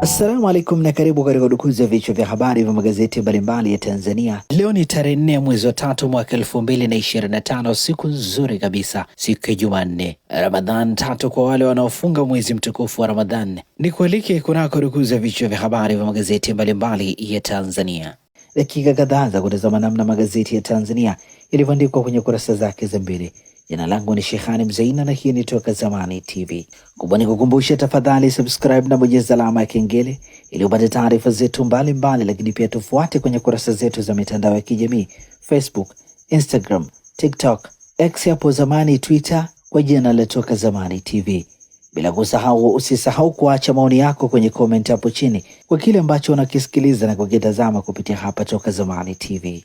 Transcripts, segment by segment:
Assalamu alaikum na karibu katika udukuzi ya vichwa vya habari vya magazeti mbalimbali ya Tanzania. Leo ni tarehe nne mwezi wa tatu mwaka elfu mbili na ishirini na tano. Siku nzuri kabisa, siku ya Jumanne, Ramadhan tatu kwa wale wanaofunga mwezi mtukufu wa Ramadhan. Ni kualike kunako dukuzi ya vichwa vya habari vya magazeti mbalimbali ya Tanzania, dakika kadhaa za kutazama namna magazeti ya Tanzania yalivyoandikwa kwenye kurasa zake za mbele. Jina langu ni Shehani mzeina na hii ni Toka Zamani TV. Kubwa ni kukumbusha, tafadhali subscribe na bonyeza alama ya kengele ili upate taarifa zetu mbalimbali mbali, lakini pia tufuate kwenye kurasa zetu za mitandao ya kijamii Facebook, Instagram, TikTok, X hapo zamani, Twitter kwa jina la Toka Zamani TV. Bila kusahau, usisahau kuacha maoni yako kwenye comment hapo chini kwa kile ambacho unakisikiliza na kukitazama kupitia hapa Toka Zamani TV.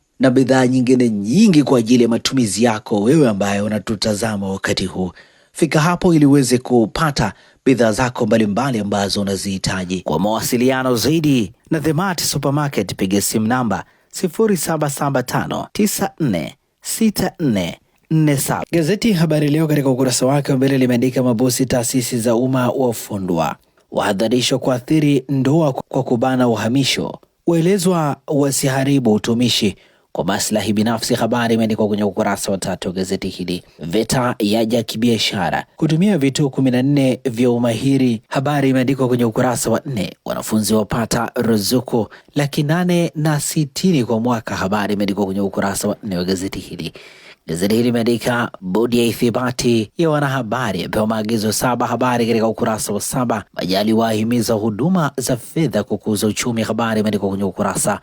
na bidhaa nyingine nyingi kwa ajili ya matumizi yako wewe ambaye unatutazama wakati huu. Fika hapo ili uweze kupata bidhaa zako mbalimbali ambazo unazihitaji. Kwa mawasiliano zaidi na The Mart Supermarket, piga simu namba 0775946447. Gazeti Habari Leo katika ukurasa wake wa mbele limeandika mabosi taasisi za umma wafundwa, wahadharishwa kuathiri ndoa kwa kubana uhamisho, uelezwa wasiharibu utumishi kwa maslahi binafsi. Habari imeandikwa kwenye ukurasa wa tatu wa gazeti hili. VETA yaja kibiashara kutumia vituo kumi na nne vya umahiri. Habari imeandikwa kwenye ukurasa wa nne. Wanafunzi wapata ruzuku laki nane na sitini kwa mwaka. Habari imeandikwa kwenye ukurasa wa nne wa gazeti hili. Gazeti hili limeandika bodi ya ithibati ya wanahabari yapewa maagizo saba, habari katika ukurasa wa saba. majali wahimiza huduma za fedha kukuza uchumi, habari imeandikwa kwenye ukurasa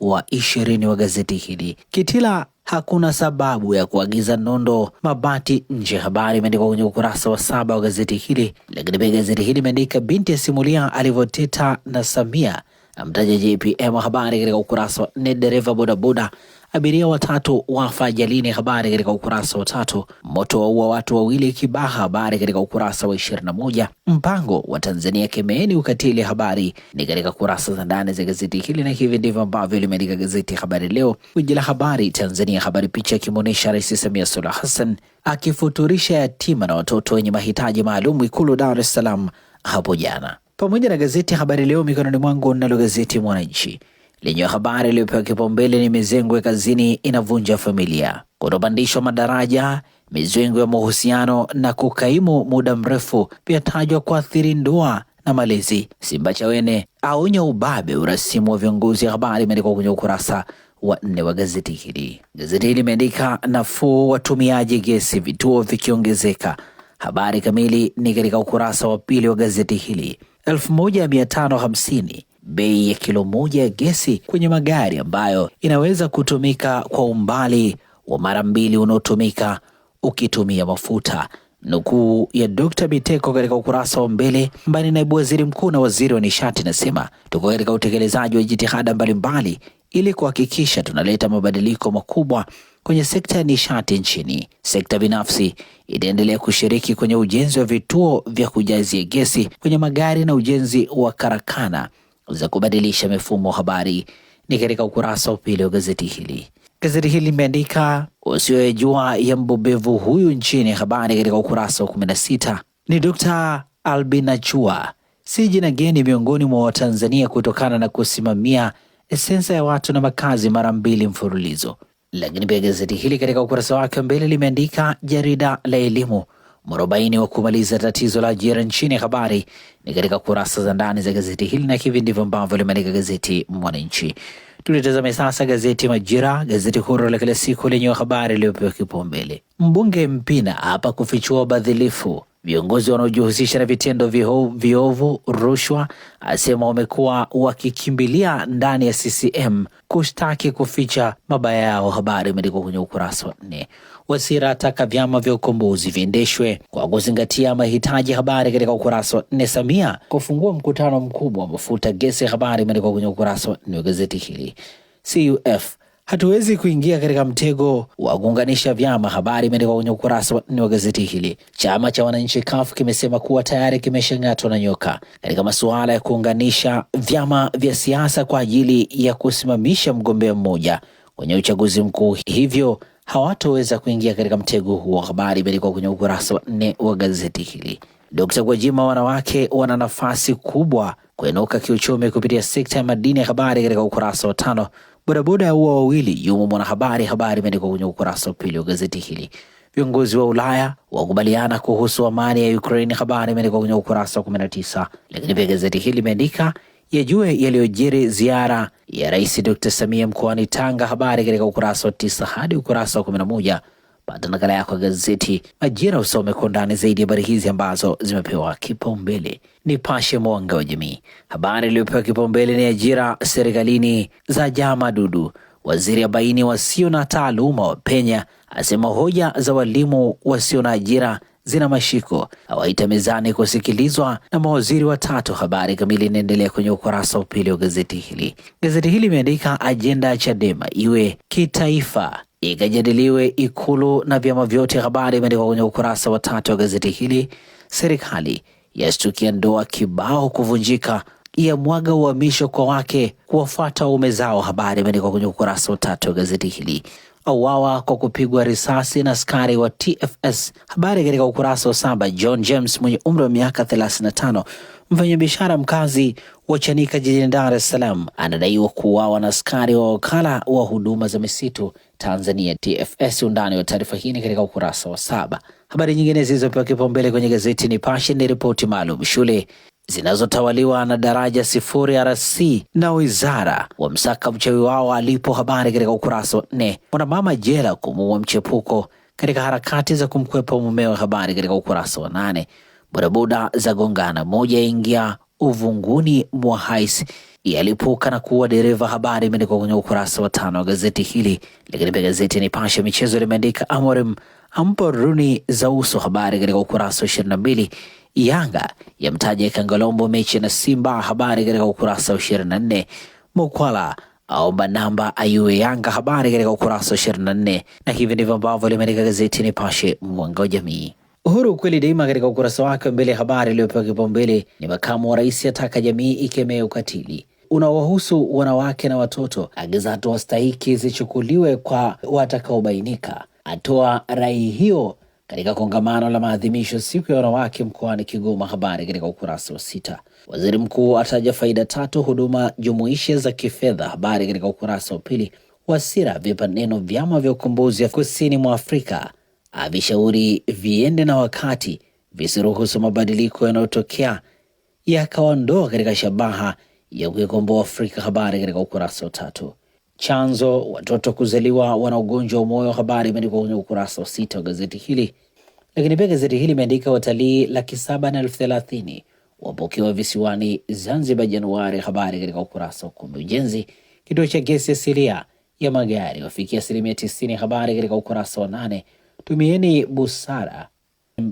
wa ishirini wa gazeti hili. Kitila hakuna sababu ya kuagiza nondo mabati nje, habari imeandikwa kwenye ukurasa wa saba wa gazeti hili. Lakini pia gazeti hili imeandika binti asimulia alivyoteta na Samia amtaja JPM. Habari katika ukurasa wa nne. Dereva bodaboda abiria watatu wafa ajalini. Habari katika ukurasa wa tatu. Moto waua watu wawili Kibaha. Habari katika ukurasa wa ishirini na moja. Mpango wa Tanzania kemeeni ukatili. Habari ni katika kurasa za ndani za gazeti hili, na hivi ndivyo ambavyo limeandika gazeti Habari Leo, gwiji la habari Tanzania. Habari picha ikimwonyesha Rais Samia Suluhu Hassan akifuturisha yatima na watoto wenye mahitaji maalum Ikulu Dar es Salaam hapo jana pamoja na gazeti Habari Leo mikononi mwangu. Nalo gazeti Mwananchi lenye habari iliyopewa kipaumbele ni mizengo ya kazini inavunja familia, kutopandishwa madaraja, mizengo ya mahusiano na kukaimu muda mrefu pia tajwa kuathiri ndoa na malezi. Simba Chawene aonya ubabe urasimu wa viongozi, habari imeandikwa kwenye ukurasa wa nne wa gazeti hili. Gazeti hili limeandika nafuu watumiaji gesi, vituo vikiongezeka. Habari kamili ni katika ukurasa wa pili wa gazeti hili. 1550 bei ya kilo moja ya gesi kwenye magari ambayo inaweza kutumika kwa umbali wa mara mbili unaotumika ukitumia mafuta. Nukuu ya Dkt. Biteko katika ukurasa wa mbele ambaye ni naibu waziri mkuu na waziri wa nishati inasema, tuko katika utekelezaji wa jitihada mbalimbali ili kuhakikisha tunaleta mabadiliko makubwa kwenye sekta ya nishati nchini. Sekta binafsi itaendelea kushiriki kwenye ujenzi wa vituo vya kujazia gesi kwenye magari na ujenzi wa karakana za kubadilisha mifumo habari. Ni katika ukurasa wa pili wa gazeti hili. Gazeti hili limeandika usiyojua ya mbobevu huyu nchini. Habari katika ukurasa wa sita ni Dr. Albinachua si jina geni miongoni mwa Watanzania kutokana na kusimamia sensa ya watu na makazi mara mbili mfululizo. Lakini pia gazeti hili katika ukurasa wake mbele limeandika jarida la elimu mwarobaini wa kumaliza tatizo la ajira nchini. Habari ni katika kurasa za ndani za gazeti hili, na hivi ndivyo ambavyo limeandika gazeti Mwananchi. Tulitazame sasa gazeti Majira, gazeti huru la kila siku lenye habari iliyopewa kipaumbele. Mbunge Mpina hapa kufichua ubadhilifu Viongozi wanaojihusisha na vitendo viovu, rushwa, asema wamekuwa wakikimbilia ndani ya CCM kushtaki kuficha mabaya yao. Habari imeandikwa kwenye ukurasa wa nne. Wasira ataka vyama vya ukombozi viendeshwe kwa kuzingatia mahitaji. Habari katika ukurasa wa nne. Samia kufungua mkutano mkubwa wa mafuta gesi. Habari imeandikwa kwenye ukurasa wa nne wa gazeti hili. CUF hatuwezi kuingia katika mtego wa kuunganisha vyama. Habari imeandikwa kwenye ukurasa wa nne wa gazeti hili. Chama cha wananchi CUF kimesema kuwa tayari kimeshang'atwa na nyoka katika masuala ya kuunganisha vyama vya siasa kwa ajili ya kusimamisha mgombea mmoja kwenye uchaguzi mkuu, hivyo hawatoweza kuingia katika mtego huo. Habari imeandikwa kwenye ukurasa wa nne wa gazeti hili. Dkt Gwajima, wanawake wana nafasi kubwa kuinuka kiuchumi kupitia sekta ya madini ya habari katika ukurasa wa tano Bodaboda ya ua wawili, yumo mwanahabari. Habari imeandikwa kwenye ukurasa wa pili wa gazeti hili. Viongozi wa Ulaya wakubaliana kuhusu amani ya Ukraine, habari imeandikwa kwenye ukurasa wa kuminatisa Lakini pia gazeti hili limeandika yajue yaliyojiri ziara ya Rais Dr. Samia mkoani Tanga, habari katika ukurasa wa tisa hadi ukurasa wa 11. Pata nakala yako ya gazeti Majira usome kwa undani zaidi habari hizi ambazo zimepewa kipaumbele. Nipashe mwanga wa jamii. Habari iliyopewa kipaumbele ni ajira serikalini za jama dudu. Waziri abaini wasio na taaluma wapenya, asema hoja za walimu wasio na ajira zina mashiko, awaita mezani kusikilizwa na mawaziri watatu. Habari kamili inaendelea kwenye ukurasa wa pili wa gazeti hili. Gazeti hili imeandika ajenda ya Chadema iwe kitaifa ikajadiliwe Ikulu na vyama vyote. Habari imeandikwa kwenye ukurasa wa tatu wa gazeti hili. Serikali yashtukia ndoa kibao kuvunjika, yamwaga uhamisho kwa wake kuwafuata waume zao. Habari imeandikwa kwenye ukurasa wa tatu wa gazeti hili auawa kwa kupigwa risasi na askari wa TFS. Habari katika ukurasa wa saba. John James mwenye umri wa miaka 35 mfanyabiashara mkazi wa Chanika jijini Dar es Salaam anadaiwa kuuawa na askari wa wakala wa huduma za misitu Tanzania TFS. Undani wa taarifa hii ni katika ukurasa wa saba. Habari nyingine zilizopewa kipaumbele kwenye gazeti Nipashe ni ripoti maalum shule zinazotawaliwa na daraja sifuri RC na wizara msaka mchawi wao alipo. Habari katika ukurasa wa nne. Mwanamama jela kumuua mchepuko katika harakati za kumkwepa mumewe. Habari katika ukurasa wa nane. Bodaboda za gongana, moja ingia uvunguni mwa hais yalipuka na kuwa dereva. Habari imeandikwa kwenye ukurasa wa tano wa gazeti hili. Lakini pia gazeti Nipashe michezo limeandika Amorim ampa runi za uso, habari katika ukurasa wa ishirini na mbili. Yanga yamtaja Kangalombo mechi na Simba, habari katika ukurasa wa 24. Mukwala aomba namba ayue Yanga, habari katika ukurasa wa 24. Na hivi ndivyo ambavyo limeandika gazeti Nipashe mwanga wa jamii. Uhuru kweli daima katika ukurasa wake mbele, habari iliyopewa kipaumbele ni makamu wa rais ataka jamii ikemee ukatili unaowahusu wanawake na watoto, agiza hatua stahiki zichukuliwe kwa watakaobainika, atoa rai hiyo katika kongamano la maadhimisho siku ya wanawake mkoani Kigoma. Habari katika ukurasa wa sita. Waziri mkuu ataja faida tatu huduma jumuishi za kifedha. Habari katika ukurasa wa pili. Wasira vipa neno vyama vya ukombozi kusini mwa Afrika, avishauri viende na wakati, visiruhusu mabadiliko yanayotokea yakawandoa katika shabaha ya kuikomboa Afrika. Habari katika ukurasa wa tatu chanzo watoto kuzaliwa wana ugonjwa wa moyo. Habari imeandikwa kwenye ukurasa wa sita wa gazeti hili. Lakini pia gazeti hili imeandika watalii laki saba na elfu thelathini wapokewa visiwani Zanzibar Januari. Habari katika ukurasa wa kumi. Ujenzi kituo cha gesi asilia ya magari wafikia asilimia tisini. Habari katika ukurasa wa nane. Tumieni busara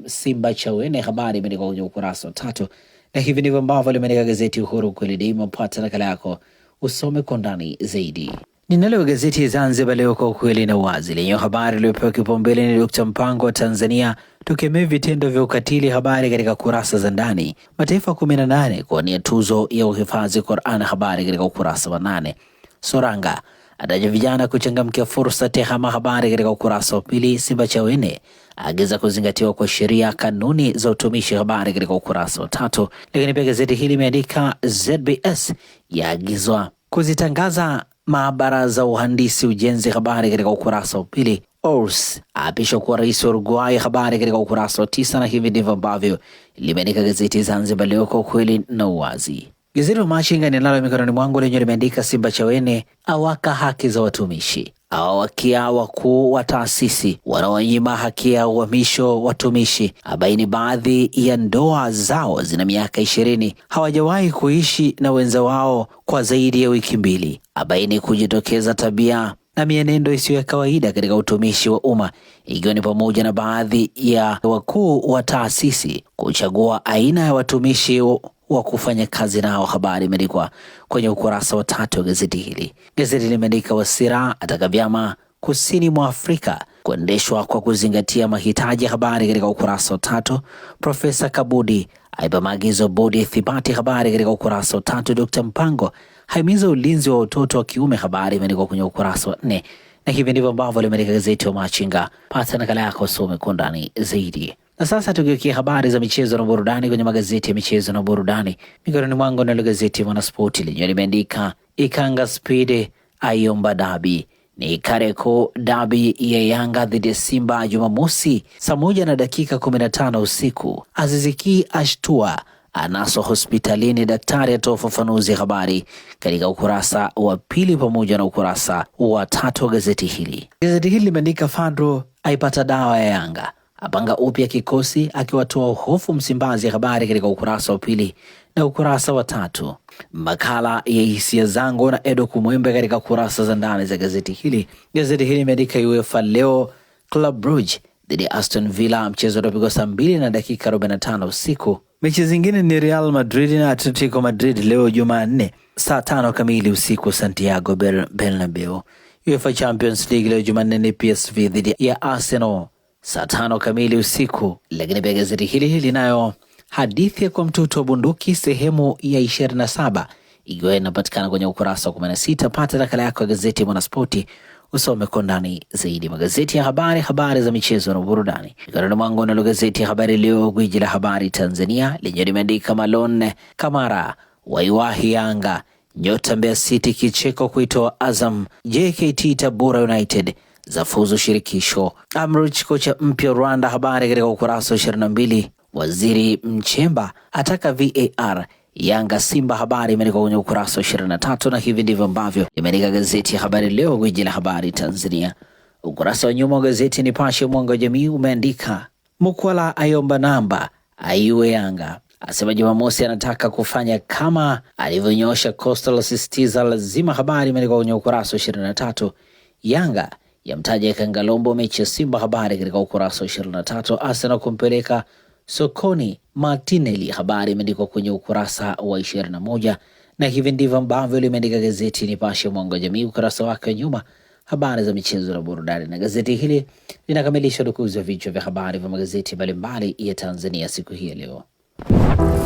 Simba chawene. Habari imeandikwa kwenye ukurasa wa tatu, na hivi ndivyo ambavyo limeandika gazeti Uhuru kweli daima. Pata nakala yako usome kwa ndani zaidi. Ninalo gazeti ya Zanzibar Leo kwa ukweli na uwazi lenye habari iliyopewa kipaumbele ni Dr. Mpango wa Tanzania tukemee vitendo vya ukatili, habari katika kurasa za ndani. Mataifa 18 kuwania tuzo ya uhifadhi Qur'an, habari katika ukurasa wa nane. Soranga ataja vijana kuchangamkia fursa tehama, habari katika ukurasa wa pili. Simba Chawene agiza kuzingatiwa kwa sheria kanuni za utumishi, habari katika ukurasa wa tatu. Lakini pia gazeti hili limeandika ZBS yaagizwa kuzitangaza Maabara za uhandisi ujenzi, habari katika ukurasa wa pili. Ors aapishwa kuwa rais wa Uruguay, habari katika ukurasa wa tisa. Na hivi ndivyo ambavyo limeandika gazeti Zanzibar Leo, kwa ukweli na uwazi. Gazeti wa Machinga ninalo mikononi mwangu lenye limeandika Simba Chawene awaka haki za watumishi wakia wakuu wa taasisi wanaonyima haki ya uhamisho watumishi, abaini baadhi ya ndoa zao zina miaka ishirini, hawajawahi kuishi na wenza wao kwa zaidi ya wiki mbili, abaini kujitokeza tabia na mienendo isiyo ya kawaida katika utumishi wa umma ikiwa ni pamoja na baadhi ya wakuu wa taasisi kuchagua aina ya watumishi wa kufanya kazi nao. Habari imeandikwa kwenye ukurasa wa tatu wa gazeti hili. Gazeti limeandika Wasira ataka vyama kusini mwa Afrika kuendeshwa kwa kuzingatia mahitaji habari katika ukurasa wa tatu. Profesa Kabudi aipa maagizo bodi ya ithibati habari katika ukurasa wa tatu. Dkt Mpango haimiza ulinzi wa watoto wa kiume, habari imeandikwa kwenye ukurasa wa nne, na hivi ndivyo ambavyo limeandika gazeti wa Machinga. Pata nakala yako, some kwa undani zaidi. Na sasa tukiwekia habari za michezo na burudani kwenye magazeti ya michezo na burudani, mikononi mwangu nalo gazeti Mwanaspoti lenyewe limeandika Ikanga Speed aiomba dabi ni Kareko dabi ya Yanga dhidi ya Simba Jumamosi saa moja na dakika tano usiku. Aziziki ashtua anaswa hospitalini, daktari atoa ufafanuzi. Habari katika ukurasa wa pili pamoja na ukurasa wa tatu wa gazeti hili. Gazeti hili limeandika Fadlu aipata dawa ya Yanga apanga upya kikosi akiwatoa hofu Msimbazi. Habari katika ukurasa wa pili na ukurasa wa tatu, makala ya hisia zangu na Edo Kumwembe katika kurasa za ndani za gazeti hili. Gazeti hili imeandika UEFA leo Club Brugge dhidi ya Aston Villa, mchezo utapigwa saa mbili na dakika 45 usiku. Mechi zingine ni Real Madrid na Atletico Madrid leo Jumanne saa tano kamili usiku Santiago Bernabeu. UEFA Champions League leo Jumanne ni PSV dhidi ya Arsenal saa tano kamili usiku. Lakini pia gazeti hili linayo hadithi ya kwa mtoto wa bunduki sehemu ya ishirini na saba ikiwa inapatikana kwenye ukurasa wa kumi na sita. Pata nakala yako ya gazeti Mwanaspoti usome kwa ndani zaidi magazeti ya habari, habari za michezo na burudani. Mikononi mwangu nalo gazeti ya Habari Leo, gwiji la habari Tanzania, lenye limeandika Malone Kamara waiwahi Yanga, nyota Mbeya City kicheko kuitoa Azam, JKT Tabora United za fuzu shirikisho. Amrichi kocha mpya Rwanda, habari katika ukurasa wa 22. Waziri Mchemba ataka VAR Yanga Simba, habari imeandikwa kwenye ukurasa wa 23, na hivi ndivyo ambavyo imeandika gazeti ya Habari Leo, gwiji la habari Tanzania. Ukurasa wa nyuma wa gazeti Nipashe mwanga wa jamii umeandika Mukwala ayomba namba aiwe Yanga, asema Jumamosi anataka kufanya kama alivyonyosha Coastal, asisitiza lazima. Habari imeandikwa kwenye ukurasa wa 23. Yanga yamtaja Kangalombo mechi ya Simba. Habari katika ukurasa wa 23. Arsenal kumpeleka sokoni Martinelli, habari imeandikwa kwenye ukurasa wa 21, na hivi ndivyo ambavyo limeandika gazeti Nipashe Mwanga wa Jamii ukurasa wake wa nyuma, habari za michezo na burudani. Na gazeti hili linakamilisha dukuzi wa vichwa vya habari vya magazeti mbalimbali ya Tanzania siku hii ya leo.